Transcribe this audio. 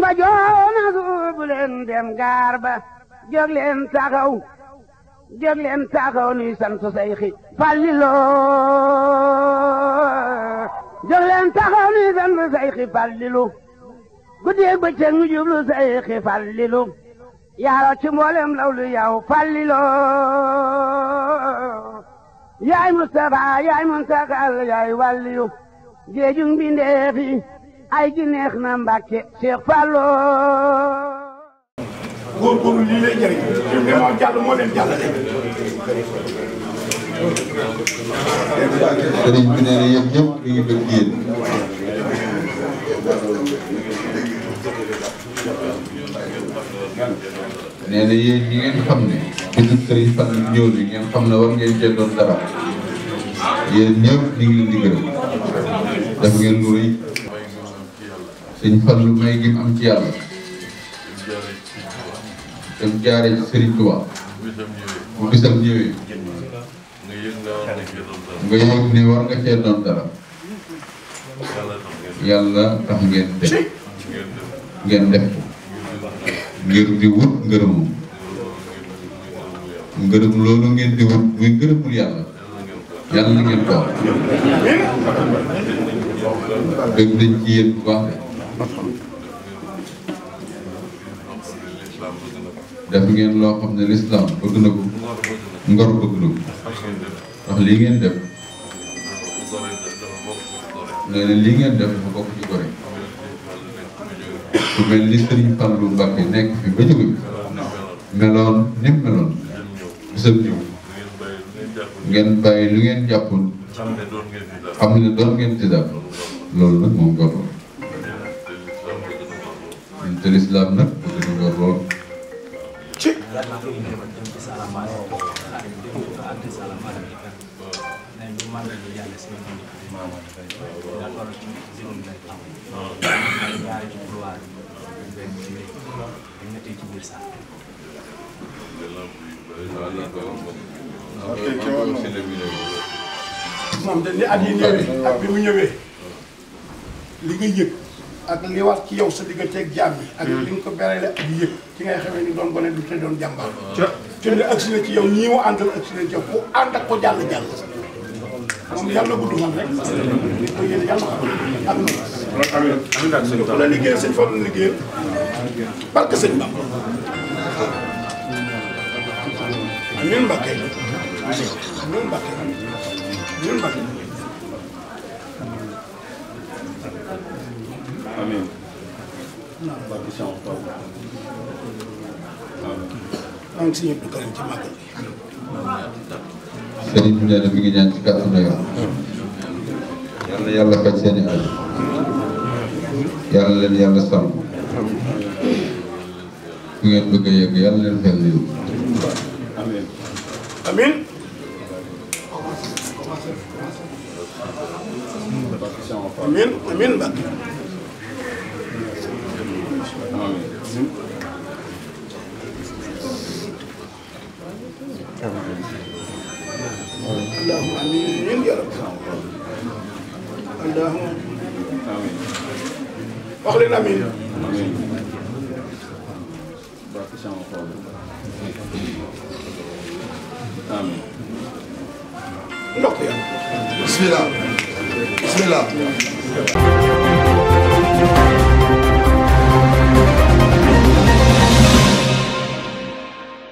ba joona suubu leen dem gaar ba jóg leen taxaw jóg nuy sant Seyxi Fallilo jóg leen taxaw nuy sant Seyxi Fallilu guddeeg bëccëg ñu jublu Seyxi Fallilu yaaro ci mboolem law lu yow Fallilo Mustafa yaay Muntakal yaay wàlliyu géejug mbindeef ay gi neex na Mbàkke Cheikh Fallo góorgóorlu lii lay jëriñ ñu ne moom jàll moo leen jàllale sëriñ bi nee na yéen ñëpp ñu ngi bëgg yéen nee na yéen ñi ngeen xam ne bisub sëriñ Fallu ñëw bi ngeen xam ne war ngeen cee doon dara yéen ñëpp ñu ngi leen di gërëm def ngeen lu rëy sëñ Fallu may gi mu am ci yàlla dem jaaree ci Serigne Touba bu bisam ñëwee nga yëg ne war nga cee doon yàlla tax ngeen def ngeen def ko ngir wut ngërëmu ngërëm loolu ngeen di wut muy ngërëmul yàlla yàlla ngeen ko am dégg ci yéen bu def ngeen loo xam ne lislaam bëgg na ko ngor bëgg na ko ndax lii ngeen def nee na lii ngeen def dafa bokk ci gore ku mel ni Sëriñ Fallu Mbàkke nekk fi ba jóge meloon ni meloon bisam ñëw ngeen bàyyi lu ngeen jàppoon xam ne doon ngeen ci loolu moom ngor te lislaam nag bëgg na lool moom dañ ne at yi néew ak bi mu ñëwee li nga yëg ak li war ci yow sa digganteeg jaam yi ak hmm. li nga ko berale ak yëg ci ngay xamee ni doon gone du te doon jàmbaar te ah. ne agsi na ci yow ñii mu àndal agsi na ci yow mu ànd ak ko jàll jàll moom yàlla gudd fan rek li ko yéen yàlla am na la liggéey sëñ fa la liggéey barke sëñ Bamba ñun Mbakke ñun Mbakke ñun Mbakke maa ngi suñu Abdou mi ngi ñaan ci kàddu na yoon. yal yàlla faj seen i yàlla leen yàlla sàmm. fu ngeen bëgg a yàlla leen fenn yow. allahumma bismillah bismillah